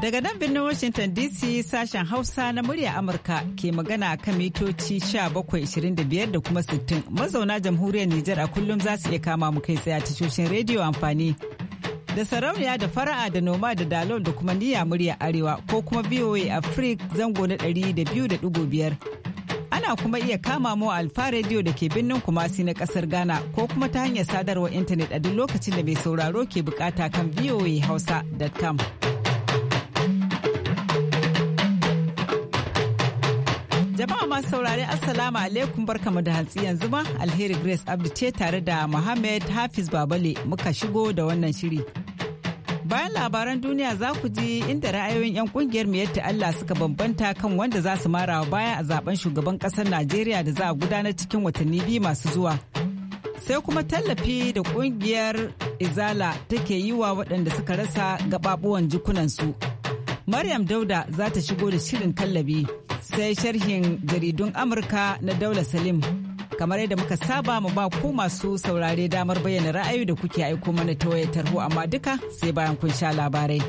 Daga nan birnin Washington DC sashen Hausa na murya Amurka ke magana kan mitoci 1725 da kuma 60 mazauna jamhuriyar Nijar a kullum za su iya kama mu kai tsaye a tashoshin rediyo amfani da sarauniya da fara'a da noma da dalon da kuma niyya murya arewa ko kuma VOA Africa zango na da da biyu biyar ana kuma iya kama mu alfa rediyo da ke birnin kumasi na kasar Ghana ko kuma ta hanyar sadarwar intanet a duk lokacin da mai sauraro ke bukata kan voahausa.com. Jama'a masu saurare Assalamu alaikum barkamu da hantsi yanzu ma Alheri Grace Abdu ce tare da Muhammad Hafiz Babale muka shigo da wannan shiri. Bayan labaran duniya za ku ji inda ra'ayoyin 'yan kungiyar yadda Allah suka bambanta kan wanda za su marawa baya a zaben shugaban kasar Najeriya da za a gudanar cikin watanni biyu masu zuwa. Sai kuma tallafi da kungiyar Izala take yi wa waɗanda suka rasa gababuwan jikunansu. Maryam Dauda za ta shigo da shirin kallabi sai sharhin jaridun Amurka na Daula Salim. Kamar yadda muka saba mu ba ku masu saurare damar bayyana ra'ayi da kuke aiko mana ta wayar tarho amma duka sai bayan kun sha labarai.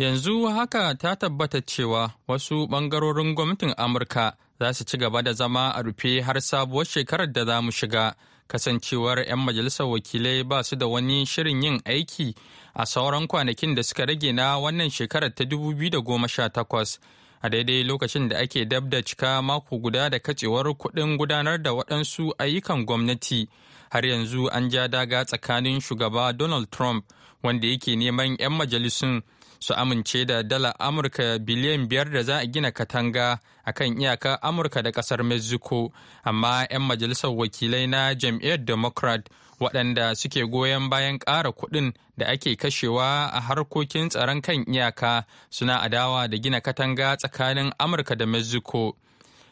Yanzu haka ta tabbata cewa wasu ɓangarorin gwamnatin Amurka za su ci gaba da zama a rufe har sabuwar shekarar da za mu shiga, kasancewar 'yan majalisar wakilai ba su da wani shirin yin aiki a sauran kwanakin da suka rage na wannan shekarar ta 2018 a daidai lokacin da ake dab da cika mako guda da kacewar kuɗin gudanar da waɗansu ayyukan gwamnati har yanzu an ja daga tsakanin shugaba donald trump wanda yake neman 'yan majalisun su amince da dala amurka biliyan biyar da za a gina katanga a kan iyaka amurka da kasar mexico amma 'yan majalisar wakilai na jam'iyyar democrat waɗanda suke goyon bayan ƙara kuɗin da ake kashewa a harkokin tsaron kan iyaka suna adawa da gina katanga tsakanin amurka da mexico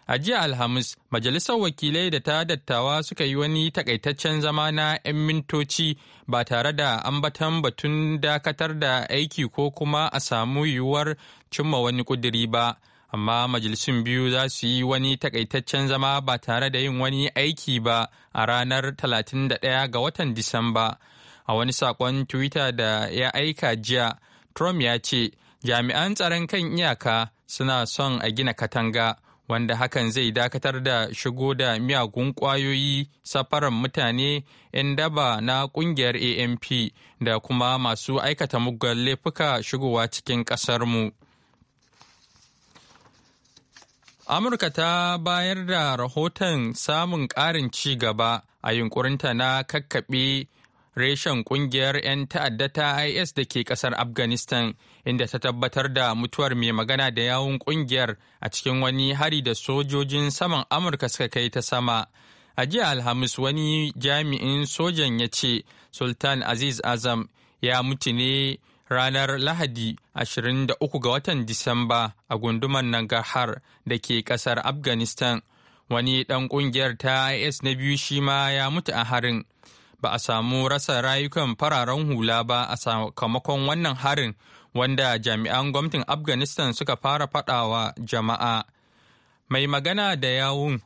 A jiya Alhamis, Majalisar Wakilai da ta dattawa suka yi wani takaitaccen zama na 'yan mintoci ba tare da ambaton batun dakatar da aiki ko kuma a samu yiwuwar cimma wani kuduri ba. Amma majalisun biyu za su yi wani takaitaccen zama ba tare da yin wani aiki ba a ranar 31 ga watan Disamba. A wani saƙon Twitter da ya aika jiya, Trump ya ce, Jami'an tsaron kan iyaka suna son a gina katanga. wanda hakan zai dakatar da shigo da miyagun ƙwayoyi safaran mutane 'yan daba na ƙungiyar amp da kuma masu aikata muggan laifuka shigowa cikin ƙasarmu. amurka ta bayar da rahoton samun ƙarin ci gaba a yunkurinta na kakkaɓe reshen ƙungiyar 'yan ta'adda ta is da ke ƙasar afghanistan inda ta tabbatar da mutuwar mai magana da yawun kungiyar a cikin wani hari da sojojin saman amurka suka kai ta sama a jiya alhamis wani jami'in sojan ya ce sultan aziz azam ya mutu ne ranar lahadi 23 ga watan disamba a gundumar nangahar da ke kasar afghanistan wani ɗan ƙungiyar ta is na biyu shi ma ya mutu a harin ba a samu rasa rayukan fararen hula ba a sakamakon wannan harin wanda jami'an gwamnatin afghanistan suka fara fadawa jama'a mai magana da yawun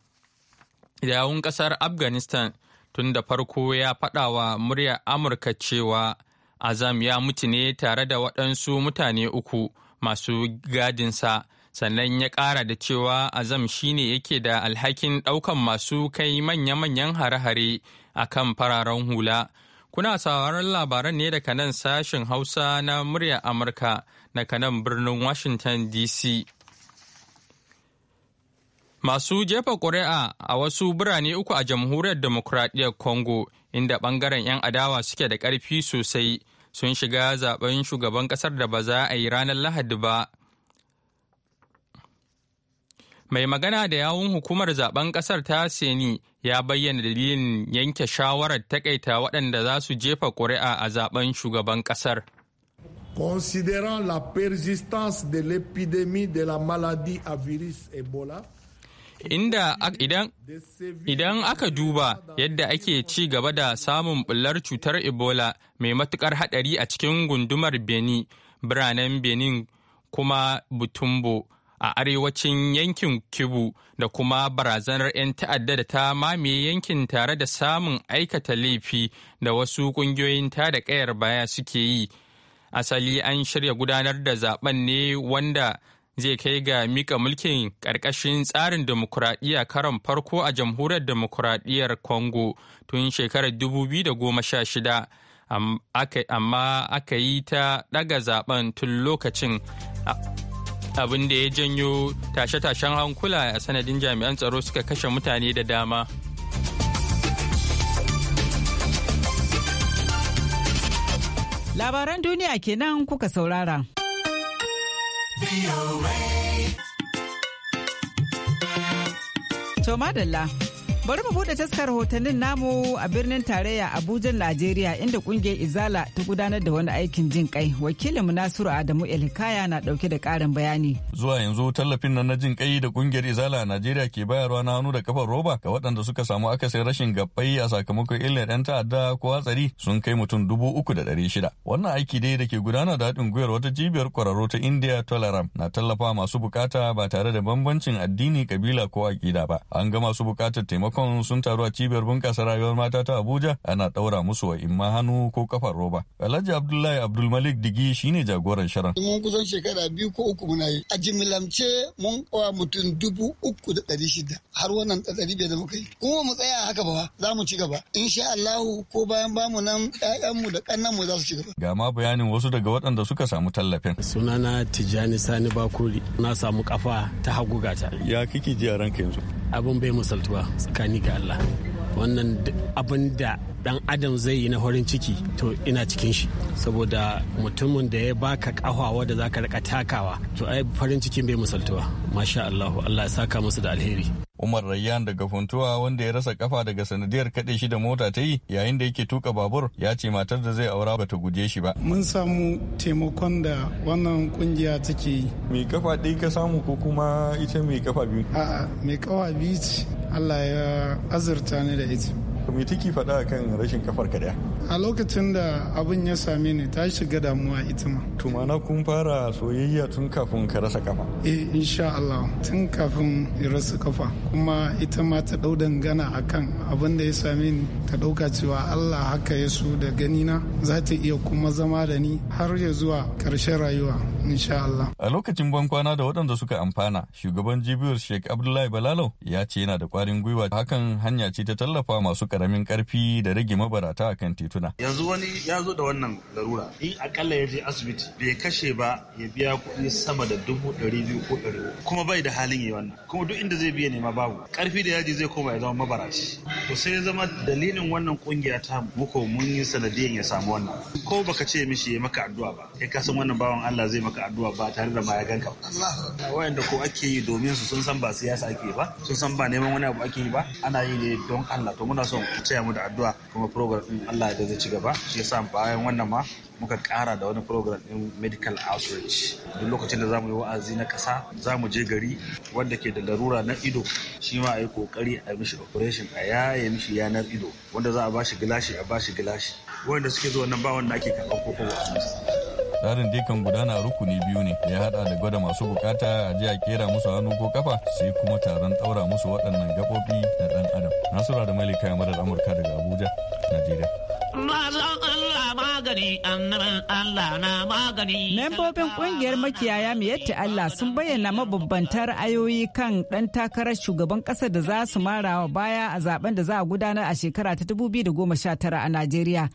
yawun kasar afghanistan tun da farko ya fadawa murya amurka cewa azam ya mutu ne tare da waɗansu mutane uku masu gadinsa sannan ya ƙara da cewa azam shine yake da alhakin ɗaukan masu kai manya-manyan hare-hare a kan fararen hula Kuna sauraron labaran ne daga nan sashen Hausa na muryar Amurka daga kanan birnin Washington DC. Masu jefa ƙuri'a a wasu birane uku a jamhuriyar demokuraɗiyyar Congo, inda ɓangaren 'yan adawa suke da ƙarfi sosai, sun shiga zaben shugaban ƙasar da ba za a yi ranar Lahadi ba, mai magana da yawun hukumar zaben kasar ta seni ya bayyana dalilin yanke shawarar takaita waɗanda za su jefa ƙuri'a a zaben shugaban kasar Considerant la persistance de l'épidémie de la maladie à virus Ebola, inda idan idan aka duba yadda ake ci gaba da samun bullar cutar ebola mai matukar hadari a cikin gundumar benin biranen benin kuma butumbo a arewacin yankin Kibu da kuma barazanar 'yan ta'adda da ta mamaye yankin tare da samun aikata laifi da wasu ƙungiyoyin ta da ƙayar baya suke yi. Asali an shirya gudanar da zaben ne wanda zai kai ga mika mulkin ƙarƙashin tsarin demokuraɗiyya karon farko a jamhuriyar demokuraɗiyyar Congo tun shekarar 2016. Amma aka yi ta ɗaga zaben tun lokacin. abin da ya janyo tashe-tashen hankula a sanadin jami'an tsaro suka kashe mutane da dama. Labaran duniya kenan kuka saurara. To madalla. Bari mu buɗe taskar hotannin namu a birnin tarayya Abuja, Najeriya inda kungiyar Izala ta gudanar da wani aikin jin kai. Wakilinmu Nasiru Adamu Elkaya na ɗauke da karin bayani. Zuwa yanzu tallafin nan na jin kai da kungiyar Izala a Najeriya ke bayarwa na hannu da kafar roba ga waɗanda suka samu akasin rashin gabbai a sakamakon illar 'yan ta'adda ko hatsari sun kai mutum dubu uku da ɗari shida. Wannan aiki dai da ke gudana da haɗin gwiwar wata cibiyar kwararro ta India tolaram na tallafa masu bukata ba tare da bambancin addini, kabila ko aƙida ba. An ga masu bukatar taimako makon sun taru a cibiyar bunƙasa rayuwar mata ta Abuja ana ɗaura musu wa imma hannu ko kafar roba. Alhaji Abdullahi Abdulmalik Digi shine jagoran shirin. Mun kusan shekara biyu ko uku muna yi. A jimilamce mun kawo mutum dubu uku da ɗari shida har wannan ɗari biyar da muka yi. Kuma mu tsaya haka ba za mu ci gaba. Insha Allahu ko bayan bamu nan ƴaƴanmu da ƙannanmu za su ci gaba. Ga ma bayanin wasu daga waɗanda suka samu tallafin. Sunana Tijjani Sani Bakuri na samu kafa ta hagu gata. Ya kike ji a ranka yanzu? abin bai musaltuwa tsakani ga Allah wannan abin da dan adam zai yi na farin ciki to ina cikin shi saboda mutumin da ya baka kahawa da zaka rika takawa to ai farin cikin bai musaltuwa masha Allah Allah ya saka musu da alheri Umar Rayyan daga Funtuwa wanda ya rasa kafa daga sanadiyar kaɗe shi da mota ta yi yayin da yake tuka babur ya ce matar da zai aura bata guje shi ba. Mun samu taimakon da wannan kungiya take yi. Mai kafa ɗaya ka samu ko kuma ita mai kafa biyu? A'a mai kafa biyu Allah ya azurta ni da ita. Me take faɗa kan rashin kafar ka A lokacin da abin ya same ni ta shiga damuwa ita ma. To mana kun fara soyayya tun kafin ka rasa kafa. Eh insha Allah tun kafin ya rasa kafa kuma ita ma ta dau dangana akan abin da ya same ni ta ɗauka cewa Allah haka ya su da ganina za ta iya kuma zama da ni har ya zuwa ƙarshen rayuwa insha Allah. A lokacin ban kwana da waɗanda suka amfana shugaban jibiyar Sheikh Abdullahi Balalo ya ce yana da ƙwarin gwiwa hakan hanya ce ta tallafa masu karamin karfi da rage mabarata a kan tituna. Yanzu wani ya zo da wannan larura in akalla ya je asibiti bai kashe ba ya biya kuɗi sama da dubu ɗari biyu ko ɗari kuma bai da halin yi wannan kuma duk inda zai biya nema babu karfi da yaji zai koma ya zama mabaraci to sai ya zama dalilin wannan kungiya ta muko mun yi sanadiyan ya samu wannan ko baka ce mishi ya maka addu'a ba kai ka san wannan bawan Allah zai maka addu'a ba tare da ma ya ganka ba wayanda ko ake yi domin su sun san ba siyasa ake ba sun san ba neman wani abu ake yi ba ana yi ne don Allah to muna son taya mu da addu'a kuma program din Allah da zai ci gaba shi yasa bayan wannan ma muka kara da wani program din medical outreach duk lokacin da zamu yi wa'azi na kasa zamu je gari wanda ke da larura na ido shi ma a yi kokari a mishi operation a yaye mishi yanar ido wanda za a bashi gilashi a bashi gilashi wanda suke zuwa nan ba wanda ake karɓar koko wa'azi tsarin dekan gudana rukuni biyu ne ya hada da gwada masu bukata a jiya kera musu hannu ko kafa sai kuma taron daura musu waɗannan gaɓoɓi na ɗan adam nasura da malika madar amurka daga abuja najeriya Membobin kungiyar makiyaya yadda Allah sun bayyana mabambantar ra'ayoyi kan ɗan takarar shugaban ƙasar da za su marawa baya a zaben da za a gudanar a shekara ta 2019 a Najeriya.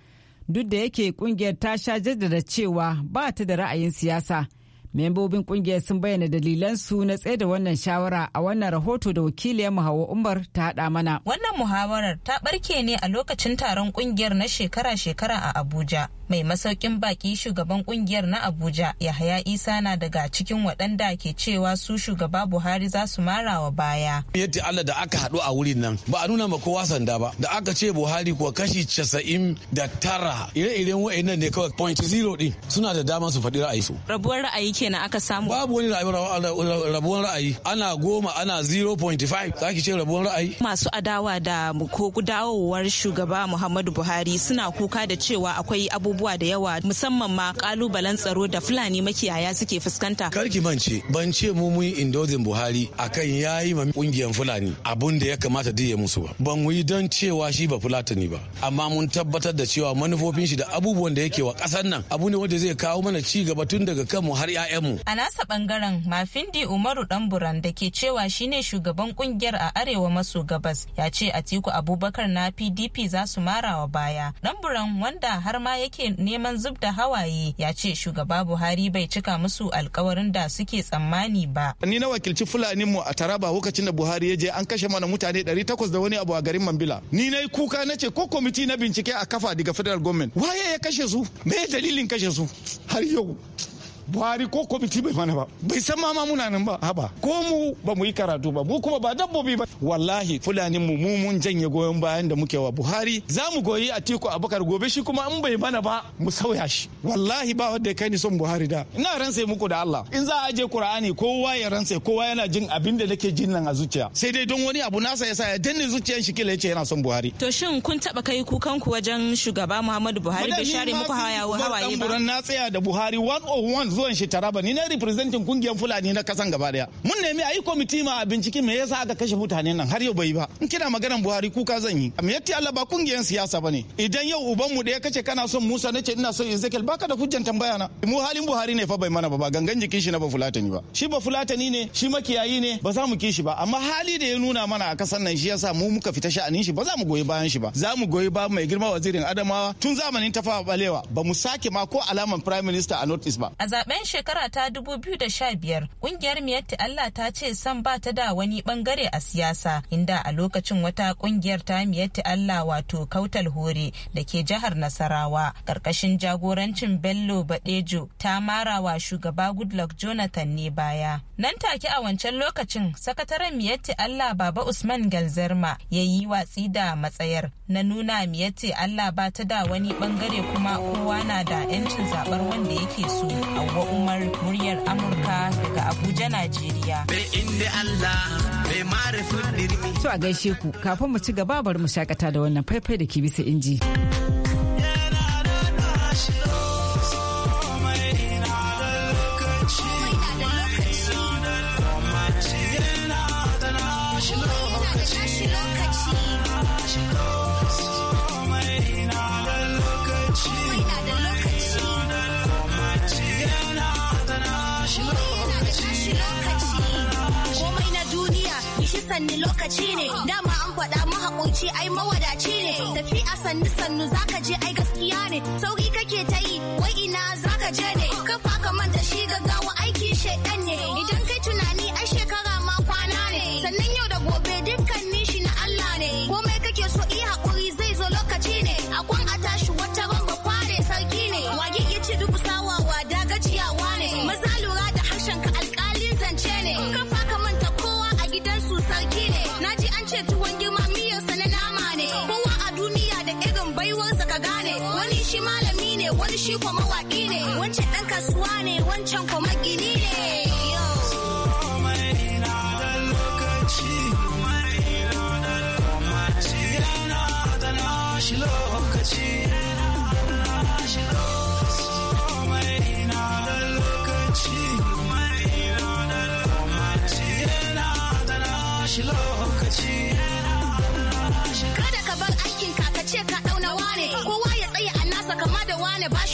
duk da yake kungiyar ta sha jaddada cewa ba ta da ra'ayin siyasa membobin kungiyar sun bayyana dalilansu na tsaye da wannan shawara a wannan rahoto da wakiliyar hawa umar ta haɗa mana wannan muhawarar ta ɓarke ne a lokacin taron kungiyar na shekara-shekara a abuja mai masaukin baki shugaban kungiyar na abuja yahaya isa na daga cikin waɗanda ke cewa su shugaba buhari za su mara wa baya yadda allah da aka haɗu a wurin nan ba a nuna ma kowa sanda ba da aka ce buhari kuwa kashi casa'in da tara ire-iren wa'annan ne kawai point zero din suna da dama su faɗi ra'ayi su rabuwar ra'ayi kenan aka samu babu wani rabuwar ra'ayi ana goma ana zero point five za ki ce rabuwar ra'ayi masu adawa da ko dawowar shugaba muhammadu buhari suna kuka da cewa akwai abubuwa abubuwa da yawa musamman ma kalubalen tsaro da fulani makiyaya suke fuskanta karki mance ban ce mu mun indozin buhari akan yayi ma kungiyan fulani abun da ya kamata ya musu ba ban yi don cewa shi ba fulatani ba amma mun tabbatar da cewa manufofin shi da abubuwan da yake wa kasar nan abu ne wanda zai kawo mana ci gaba tun daga kanmu har yayan a nasa bangaren mafindi umaru danburan da ke cewa shine shugaban kungiyar a arewa maso gabas ya ce atiku abubakar na pdp za su mara wa baya danburan wanda har ma yake shirin neman zub da hawaye ya ce shugaba buhari bai cika musu alkawarin da suke tsammani ba ni na wakilci fulani mu a taraba lokacin da buhari ya je an kashe mana mutane 800 da wani abu a garin mambila ni na kuka na ce ko kwamiti na bincike a kafa daga federal government waye ya kashe su me dalilin kashe su har yau buhari ko kwamiti bai mana ba bai san ma muna nan ba haba ko mu ba mu yi karatu ba mu kuma ba dabbobi ba wallahi fulani mu mu mun janye goyon bayan da muke wa buhari za mu goyi atiku abubakar gobe shi kuma in bai mana ba mu sauya shi wallahi ba wanda ya kai ni son buhari da ina ransa muku da allah in za a je qur'ani kowa ya ransa kowa yana jin abin da nake jin nan a zuciya sai dai don wani abu nasa yasa ya danne zuciyar shi kila yace yana son buhari to shin kun taba kai kukan ku wajen shugaba muhammadu buhari bai share muku hawaye ba na tsaya da buhari 101 zuwan shi taraba ni na representing kungiyar fulani na kasan gaba daya mun nemi a yi ma a binciki me yasa aka kashe mutane nan har yau bai ba in kina maganar buhari kuka zan yi amma yatti allah ba kungiyar siyasa bane idan yau uban mu da ya kace kana son musa nace ina son ezekiel baka da hujjan tambaya na mu halin buhari ne fa bai mana ba ba gangan jikin shi na ba fulatani ba shi ba fulatani ne shi makiyayi ne ba za mu ki shi ba amma hali da ya nuna mana a kasan nan shi yasa mu muka fita sha'anin shi ba za mu goyi bayan shi ba za mu goyi ba mai girma wazirin adamawa tun zamanin tafawa balewa ba mu sake ma ko alaman prime minister a notice ba zaben shekara ta 2015 kungiyar miyatti Allah ta ce san ba ta da wani bangare a siyasa inda a lokacin wata kungiyar ta miyatti Allah wato kautal hore da ke jihar Nasarawa karkashin jagorancin Bello Badejo ta marawa shugaba Goodluck Jonathan ne baya. Nan take a wancan lokacin sakataren miyatti Allah Baba Usman Galzerma ya yi watsi da matsayar na nuna miyatti Allah ba ta da wani bangare kuma kowa na da 'yancin zabar wanda yake so a Hauwa Umar muryar Amurka daga Abuja, Najeriya. To a gaishe ku kafin mu ci gaba bari mu shakata da wannan faifai da ke bisa inji. sanni lokaci ne dama an faɗa mahaƙunci ai mawadaci ne tafi a sanni sannu zaka je ai gaskiya ne sauki kake ta yi wai ina zaka je ne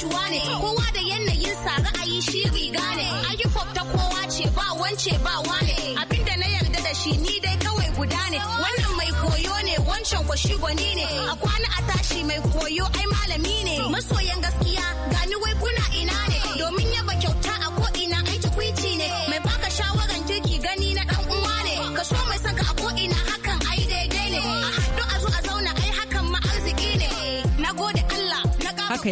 ne kowa da yanayin sa ra'ayi shi riga ne ayyufab ta kowa ce ba wance ba wane abinda na yarda da shi ni dai kawai guda ne wannan mai koyo ne wancan kwashi gwani ne a kwana a tashi mai koyo ai malami ne masoyan gaskiya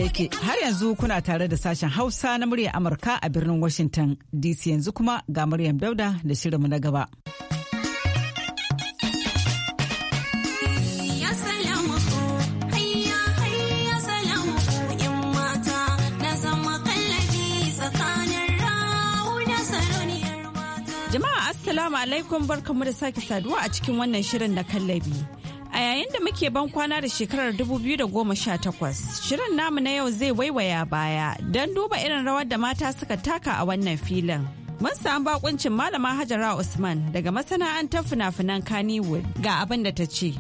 haka yake har yanzu kuna tare da sashen Hausa na muryar Amurka a birnin Washington DC yanzu kuma ga Maryam Dauda da shirinmu na gaba. Jama'a Assalamu alaikum barkamu da sake saduwa a cikin wannan shirin na kallabi. A yayin da muke ban kwana da shekarar 2018, shirin namu na yau zai waiwaya baya don duba irin rawar da mata suka taka a wannan filin. Mun samu bakuncin Malama Hajara Usman daga masana'antar fina-finan Kannywood ga abin da ta ce.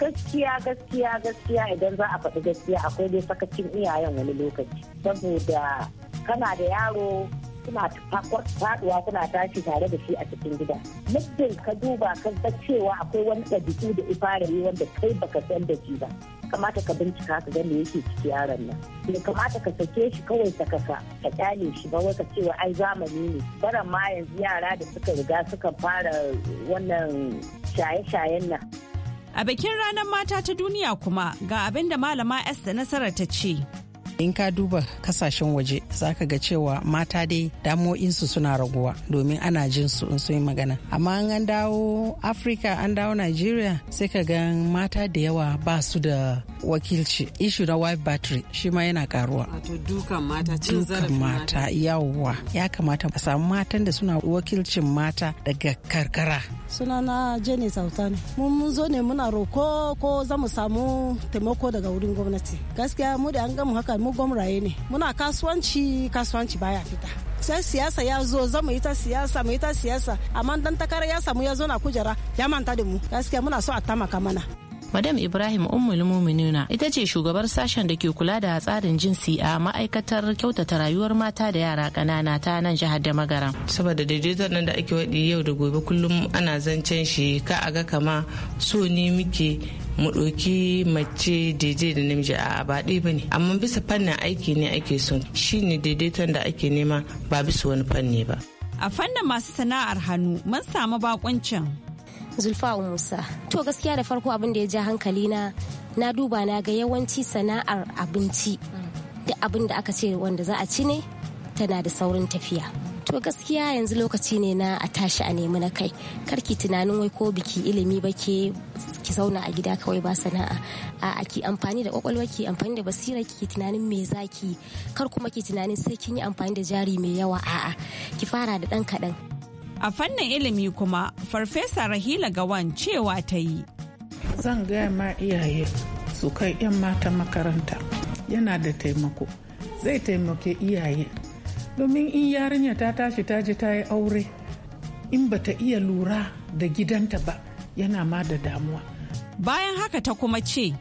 Gaskiya gaskiya gaskiya idan za a faɗi gaskiya akwai dai sakacin iyayen wani lokaci. Saboda kana da yaro suna faduwa suna tashi tare da shi a cikin gida muddin ka duba kan cewa akwai wani ɗabi'u da ifara yi wanda kai baka san da shi ba kamata ka bincika ka ga me yake ciki yaron nan bai kamata ka sake shi kawai ta kasa ka kyale shi ba wata cewa ai zamani ne baran ma yanzu yara da suka riga suka fara wannan shaye-shayen nan a bikin ranar mata ta duniya kuma ga abinda da malama esther nasara ta ce in ka duba kasashen waje za ka ga cewa mata dai damo'insu suna raguwa domin ana jin su in sun yi magana amma an dawo afirka an dawo nigeria sai ka ga mata da yawa ba su da wakilci ishu na wife battery shi ma yana karuwa dukan mata cin zarafin mata yawwa ya kamata a samu matan da suna wakilcin mata daga karkara Suna na jane sautano mun zo ne muna roko ko za mu samu taimako daga wurin gwamnati gaskiya mu da an gamu haka mu gwamraye ne muna kasuwanci kasuwanci baya fita sai siyasa ya zo za mu yi ta siyasa mu yi ta siyasa amma dan takara ya samu ya zo na kujera ya manta da mu gaskiya muna so a tamaka mana Madam Ibrahim Ummul Muminuna ita ce shugabar sashen da ke kula da tsarin jinsi a ma'aikatar kyautata rayuwar mata da yara kanana ta nan jihar da magaran. Saboda daidaiton nan da ake waɗi yau da gobe kullum ana zancen shi ka a ga kama so ne muke mu ɗauki mace daidai da namiji a ba ba ne amma bisa fannin aiki ne ake son shine daidaiton da ake nema ba bisa wani fanni ba a fannin masu sana'ar hannu mun samu bakuncin zulfa musa to gaskiya da farko abin da ya ja hankali na na duba na ga yawanci sana'ar abinci da abin da aka ce wanda za a ci ne tana da saurin tafiya to gaskiya yanzu lokaci ne na a tashi a nemi na kai karki tunanin wai ko biki ilimi ba ke ki zauna a gida kawai ba sana'a a ki amfani da kwakwalwa ki amfani da basira ki tunanin me zaki kar kuma ki tunanin sai kin yi amfani da jari mai yawa a'a ki fara da dan kaɗan. a fannin ilimi kuma farfesa rahila gawan cewa ta yi zan gaya ma iyaye su kai 'yan mata makaranta yana da taimako zai taimake iyaye domin in yarinya ta tashi ta ji ta yi aure in ba ta iya lura da gidanta ba yana ma da damuwa bayan haka ta kuma ce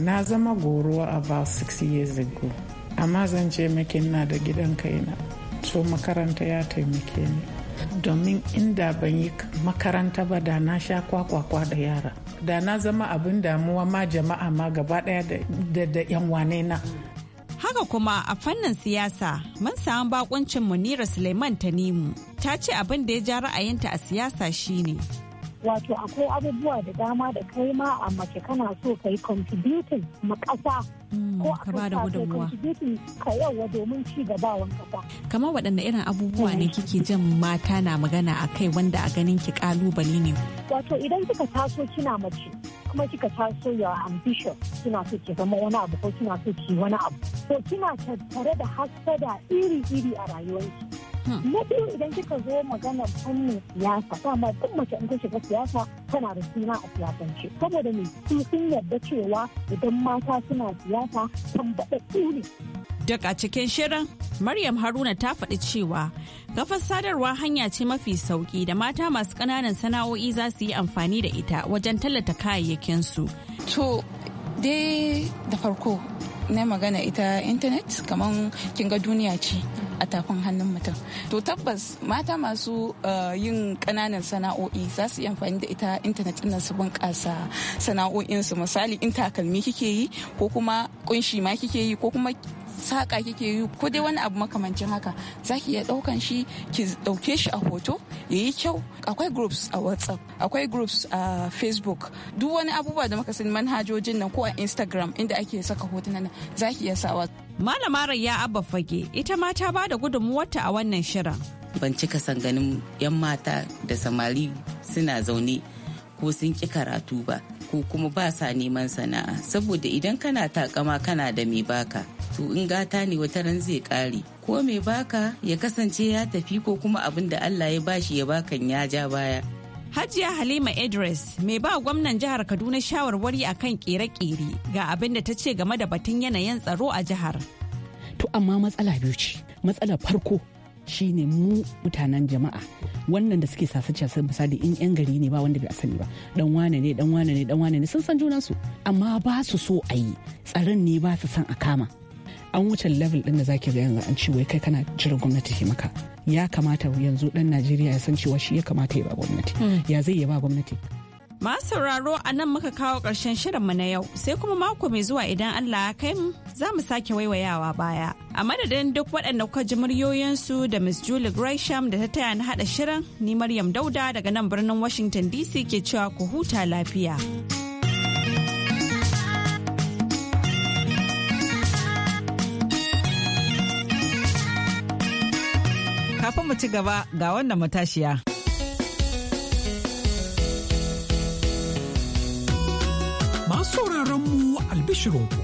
na zama goruwa about six years ago amma zan ce maki na da gidan kai na, so makaranta ya taimake ni domin inda ban yi makaranta ba da na sha kwakwakwa da yara da na zama abin damuwa ma jama'a ma gaba daya da yan wane na Haka kuma a fannin siyasa mun samu bakuncin Munira Suleiman Tanimu ta ce abin da ya ja ra'ayinta a siyasa shine. Wato akwai abubuwa da dama da kai ma a mace kana so ka yi contributing ma ƙasa mm, ko a kasa da contributing ka yawa domin ci gabawan ƙasa. Kamar waɗanne irin abubuwa ne kike jan mata na magana a kai wanda a ganin ki ƙalubale ne? Wato idan kika taso kina mace kuma kika taso ya ambition kina so ki zama wani abu ko kina so ki wani abu to kina tattare da hasada iri-iri a rayuwarki hmm. na biyu idan kika zo maganar fannin siyasa dama duk mace in ta shiga siyasa tana da suna a siyasance saboda me su sun yarda cewa idan mata suna siyasa tambaɗaɗɗu ne Duk a cikin shirin, Maryam Haruna ta faɗi cewa kafar sadarwa hanya ce mafi sauki da mata masu ƙananan sana'o'i za su yi amfani da ita wajen tallata kayayyakinsu. To, dai da farko na magana ita intanet kamar kinga duniya ce a tafin hannun mutum. To tabbas mata masu eh, yin ƙananan sana'o'i za su yi amfani da ita intanet ɗin su bunƙasa sana'o'insu misali in takalmi kike yi ko kuma kunshi ma kike yi ko kuma saƙa kike yi ko dai wani abu makamancin haka za ki iya ɗaukan shi ki ɗauke shi a hoto ya yi kyau akwai groups a whatsapp akwai groups a facebook duk wani abubuwa da muka sani manhajojin nan ko a instagram inda ake saka hotunan nan za ki iya sawa. malama rayya abba fage ita ma ta ba da ta a wannan shirin. ban cika san ganin 'yan mata da samari suna zaune ko sun ƙi karatu ba ko kuma ba sa neman sana'a saboda idan kana takama kana da mai baka to in gata ne wata ran zai kare ko mai baka ya kasance ya tafi ko kuma abin da Allah ya bashi ya bakan ya ja baya Hajiya Halima Idris mai ba gwamnan jihar Kaduna shawarwari akan kere-kere ga abin da ta ce game da batun yanayin tsaro a jihar. To amma matsala biyu ce. Matsalar farko Shi ne mu mutanen jama'a wannan da suke sasace sai misali in yan gari ne ba wanda bai sani ba dan wane ne dan wane ne dan wane ne sun san junan su. amma ba su so a yi tsaron ne ba su san a kama an wuce level din da zaki ga yanzu an ce wai kai kana jiran gwamnati ke maka ya kamata yanzu dan najeriya ya san cewa shi ya kamata ya ba gwamnati hmm. ya zai ya ba gwamnati Masu sauraro a nan muka kawo ƙarshen mu na yau sai kuma mako mai zuwa idan Allah ya kai mu za mu sake waiwayawa baya. A madadin duk waɗanda kuka ji muryoyinsu da Miss Julie Gresham da ta taya na haɗa shirin ni Maryam Dauda daga nan birnin Washington DC ke cewa ku huta lafiya. Kafin mu ci gaba ga wannan matashiya. Masu sauraron mu albishirinku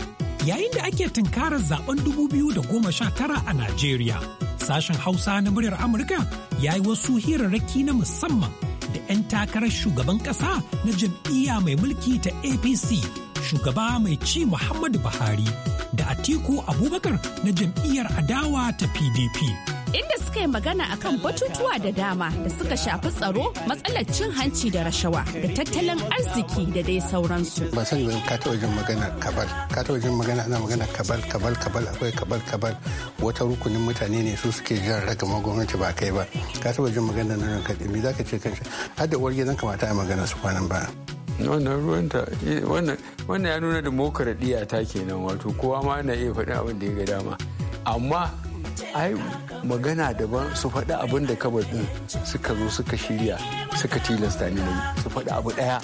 yayin da ake tunkarar zaben 2019 a Najeriya. Sashen Hausa na muryar Amurka ya yi wasu hirarraki na musamman da 'yan takarar shugaban ƙasa na jam'iyya mai mulki ta APC shugaba mai ci Muhammadu Buhari da Atiku Abubakar na jam'iyyar adawa ta PDP. inda suka yi magana akan batutuwa da dama da suka shafi tsaro matsalar cin hanci da rashawa da tattalin arziki da dai sauransu. Ba san ka taɓa jin magana kabal, ka taɓa jin magana ana magana kabal kabal kabal akwai kabal kabal wata rukunin mutane ne su suke jan ragama gwamnati ba kai ba. Ka taɓa jin magana nan ka me za ka ce kan shi har da uwar gidan kamata a magana su kwanan ba. wannan ruwanta eh, wannan ya nuna da mokaraɗiya ta kenan wato kowa ma na iya faɗin abin da ya ga dama amma ai magana daban su faɗi abin da kabar ɗin suka zo suka shirya suka tilasta ni mai su faɗi abu ɗaya.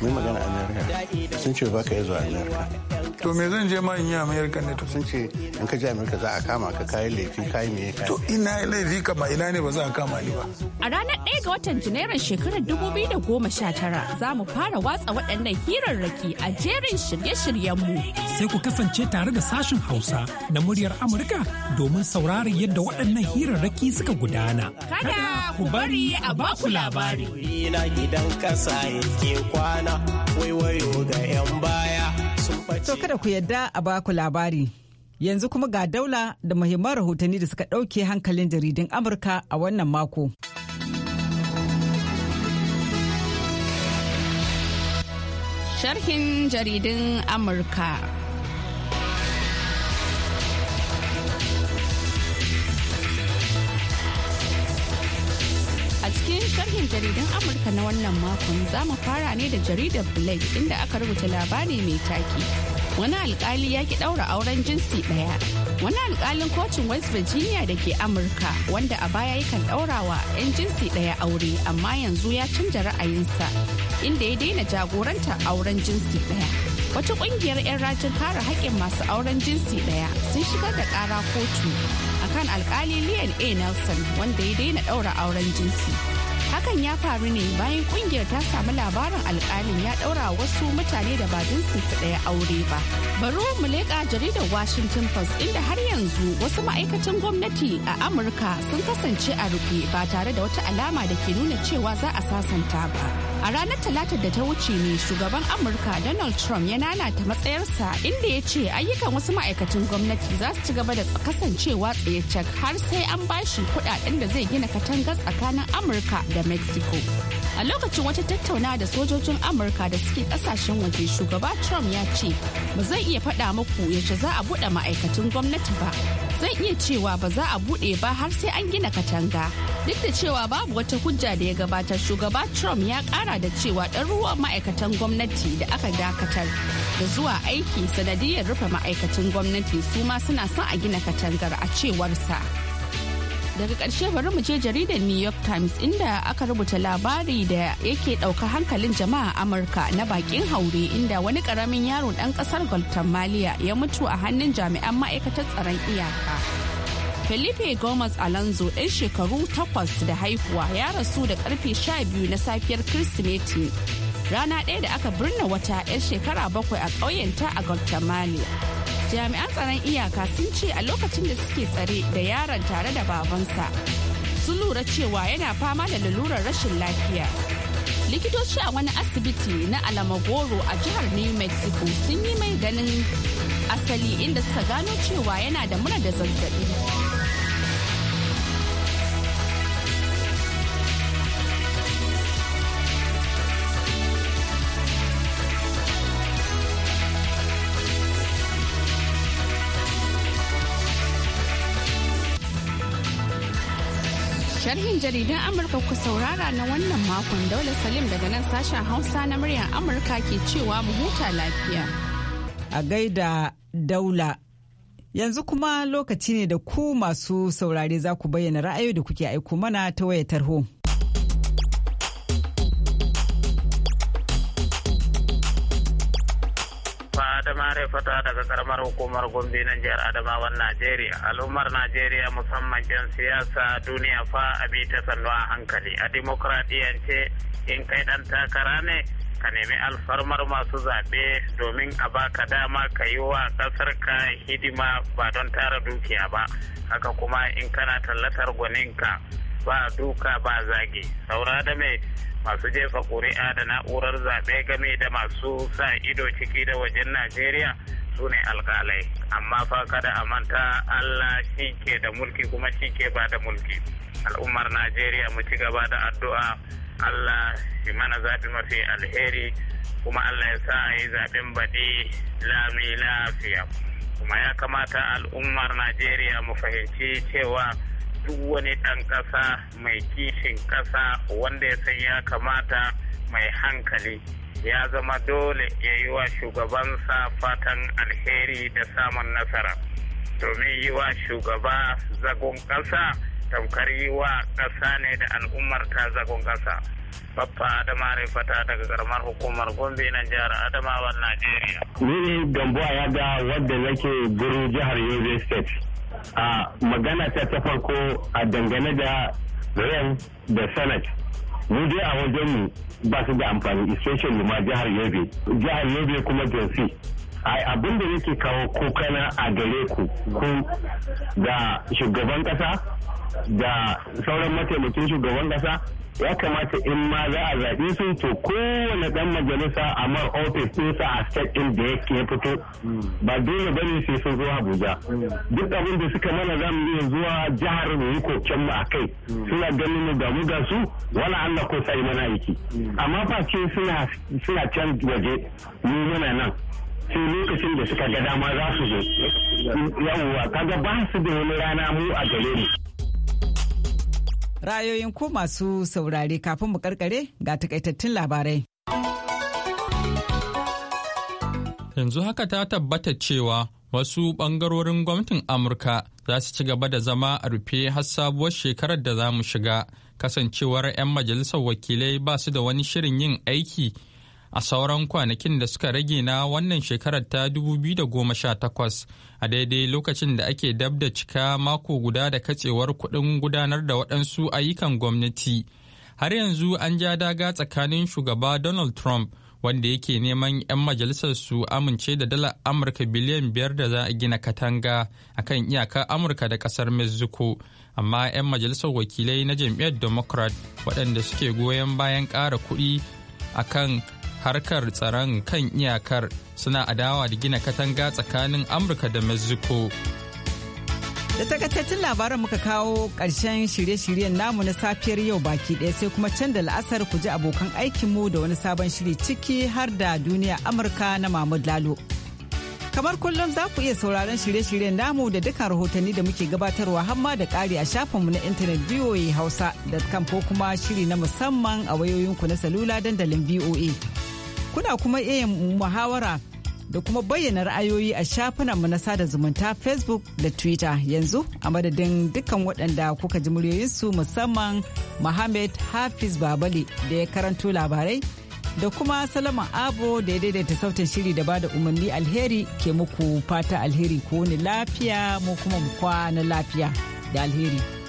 Mai magana a Amerika sun ce ba ka yi zuwa Amerika. to me zan je ma in yi amerika ne to sun ce in ka je amerika za a kama ka kayi laifi kayi me to ina laifi kama ina ne ba za a kama ni ba a ranar 1 ga watan janairun shekarar tara, za mu fara watsa waɗannan hirarraki a jerin shirye-shiryenmu sai ku kasance tare da sashen hausa na muryar amurka domin sauraron yadda waɗannan hirarraki suka gudana kada ku bari a baku labari gidan kasa yake kwana wayo ga 'yan baya To kada ku yadda a baku labari. Yanzu kuma ga daula da muhimman rahotanni da suka ɗauke hankalin jaridun Amurka a wannan mako. Sharhin jaridun Amurka. cikin sharhin jaridan Amurka na wannan makon zamu fara ne da jaridar blake inda aka rubuta labari mai taki. Wani alkali ya ki daura auren jinsi ɗaya. Wani alkalin kocin West Virginia da ke Amurka wanda a baya yakan wa 'yan jinsi ɗaya aure amma yanzu ya canja ra'ayinsa inda ya daina jagoranta auren jinsi ɗaya. wata kungiyar 'yan rajin kare haƙƙin masu auren jinsi ɗaya sun shigar da kara kotu akan alkali leon a nelson wanda ya daina ɗaura auren jinsi hakan ya faru ne bayan kungiyar ta samu labarin alkalin ya daura wasu mutane da ba jinsu su daya aure ba Baro mu leƙa jaridar washington post inda har yanzu wasu ma'aikatan gwamnati a amurka sun kasance a rufe ba tare da wata alama da ke nuna cewa za a sasanta ba a ranar talata da ta wuce ne shugaban amurka donald trump ya nanata matsayarsa inda ya ce ayyukan wasu ma'aikatan gwamnati za su ci gaba da kasancewa tsaye har sai an bashi kudaden da zai gina katangar tsakanin amurka da mexico a lokacin wata tattauna da sojojin amurka da suke kasashen waje shugaba trump ya ce ba zai iya faɗa muku yaushe za a buɗe ma'aikatan gwamnati ba zai iya cewa ba za a buɗe ba har sai an gina katanga duk da cewa babu wata hujja da ya gabata shugaba trump ya ƙara da cewa ruwan ma'aikatan gwamnati da aka dakatar da zuwa aiki sanadiyar rufe ma'aikatan gwamnati su ma suna son a gina katangar a cewarsa. daga ƙarshe bari mu je jaridar new york times inda aka rubuta labari da yake ɗauka hankalin jama'a a amurka na bakin haure inda wani ƙaramin yaro ɗan ƙasar guatemala ya mutu a hannun jami'an ma'aikatar tsaron iyaka Felipe Gomez Alonso ɗan shekaru takwas da haihuwa ya rasu da karfe 12 na safiyar Kirsimeti. Rana ɗaya da aka birna wata yar shekara bakwai a ƙauyenta a Guatemala. jami'an tsaron iyaka sun ce a lokacin da suke tsare da yaron tare da babansa sun lura cewa yana fama da lalurar rashin lafiya likitoci a wani asibiti na alamagoro a jihar new mexico sun yi mai ganin asali inda suka gano cewa yana da mura da zazzabi Sharhin jaridan Amurka ku saurara na wannan makon Daula Salim daga nan sashen Hausa na muryar Amurka ke cewa mu huta lafiya. A gaida Daula. Yanzu kuma lokaci ne da ku masu saurare za ku bayyana ra'ayoyi da kuke aiko mana ta wayar tarho. Mare Fata daga karamar hukumar Gombe na jihar Adamawan Najeriya. Al'ummar Najeriya musamman 'yan siyasa duniya fa a bi ta sannu a hankali. A dimokuraɗiyance in kai ɗan takara ne ka nemi alfarmar masu zaɓe domin a baka dama ka yi wa ƙasar ka hidima ba don tara dukiya ba. Haka kuma in kana tallatar gwaninka ba duka ba zage. Saura da mai masu jefa ƙuri'a da na'urar zaɓe game da masu sa ido ciki da wajen najeriya su ne alkalai amma fa kada a manta allah shi ke da mulki kuma shi ke ba da mulki al'ummar najeriya mu ci gaba da addu'a allah shi mana zaɓi mafi alheri kuma allah ya sa a yi zaɓen baɗi lami lafiya kuma ya kamata al'ummar najeriya mu fahimci cewa duk wani ɗan ƙasa mai kishin ƙasa wanda ya san ya kamata mai hankali ya zama dole ya yi wa shugabansa fatan alheri da samun nasara domin yi wa shugaba zagon ƙasa tamkar yi wa ƙasa ne da al'ummar ta zagon ƙasa Baffa Adama Rifata daga karamar hukumar Gombe na jihar Adamawa Najeriya. Ni Gambo ya ga wadda nake guru jihar Yobe State. a magana ta ta farko a dangane da rem da senate mu dai a wajenmu ba su da amfani especially ma jihar yobe jihar yobe kuma a abin da yake kawo kokana a gare ku ku da shugaban kasa da sauran mataimakin shugaban kasa ya kamata in ma za a zaɓi su to kowane ɗan majalisa a mar ofis ɗinsa a state ɗin da ya fito ba dole bane sai sun zo Abuja duk abin da suka mana za mu iya zuwa jihar mu yi mu a kai suna ganin mu damu ga su wala Allah ko sai mana aiki amma fa ce suna suna can waje mu muna nan sai lokacin da suka ga dama za su zo yawwa kaga ba su da wani rana mu a gare mu Ra'ayoyin ku masu saurare kafin mu karkare ga takaitattun labarai. Yanzu haka ta tabbata cewa wasu ɓangarorin gwamnatin Amurka za su ci gaba da zama a rufe har sabuwar shekarar da za mu shiga, kasancewar 'yan majalisar wakilai ba su da wani shirin yin aiki a sauran kwanakin da suka rage na wannan shekarar ta 2018 a daidai lokacin da ake dab da cika mako guda da katsewar kuɗin gudanar da waɗansu ayyukan gwamnati har yanzu an ja daga tsakanin shugaba donald trump wanda yake neman 'yan majalisar su amince da dalar amurka biliyan biyar da za a gina katanga a kan iyakar amurka da kasar mexico amma 'yan majalisar wakilai na jam'iyyar democrat waɗanda suke goyon bayan ƙara kuɗi a kan harkar tsaron kan iyakar suna adawa da gina katanga tsakanin amurka da mexico da takaitattun labaran muka kawo ƙarshen shirye-shiryen namu na safiyar yau baki ɗaya sai kuma can da la'asar ku ji abokan aikinmu da wani sabon shiri ciki har da duniya amurka na mahmud lalo kamar kullum za ku iya sauraron shirye-shiryen namu da dukkan rahotanni da muke gabatarwa hamma da ƙari a shafinmu na intanet voa da ko kuma shiri na musamman a wayoyinku na salula dandalin voa Kuna kuma iya muhawara da kuma bayyana ra'ayoyi a shafinanmu na sada zumunta Facebook da Twitter yanzu a madadin dukkan waɗanda kuka ji muryoyinsu musamman Mohammed Hafiz babali da ya karanto labarai da kuma Salama Abo da ya daidaita sautin shiri da bada umarni alheri ke muku fata alheri ko ni lafiya mu kuma mu kwana lafiya da alheri.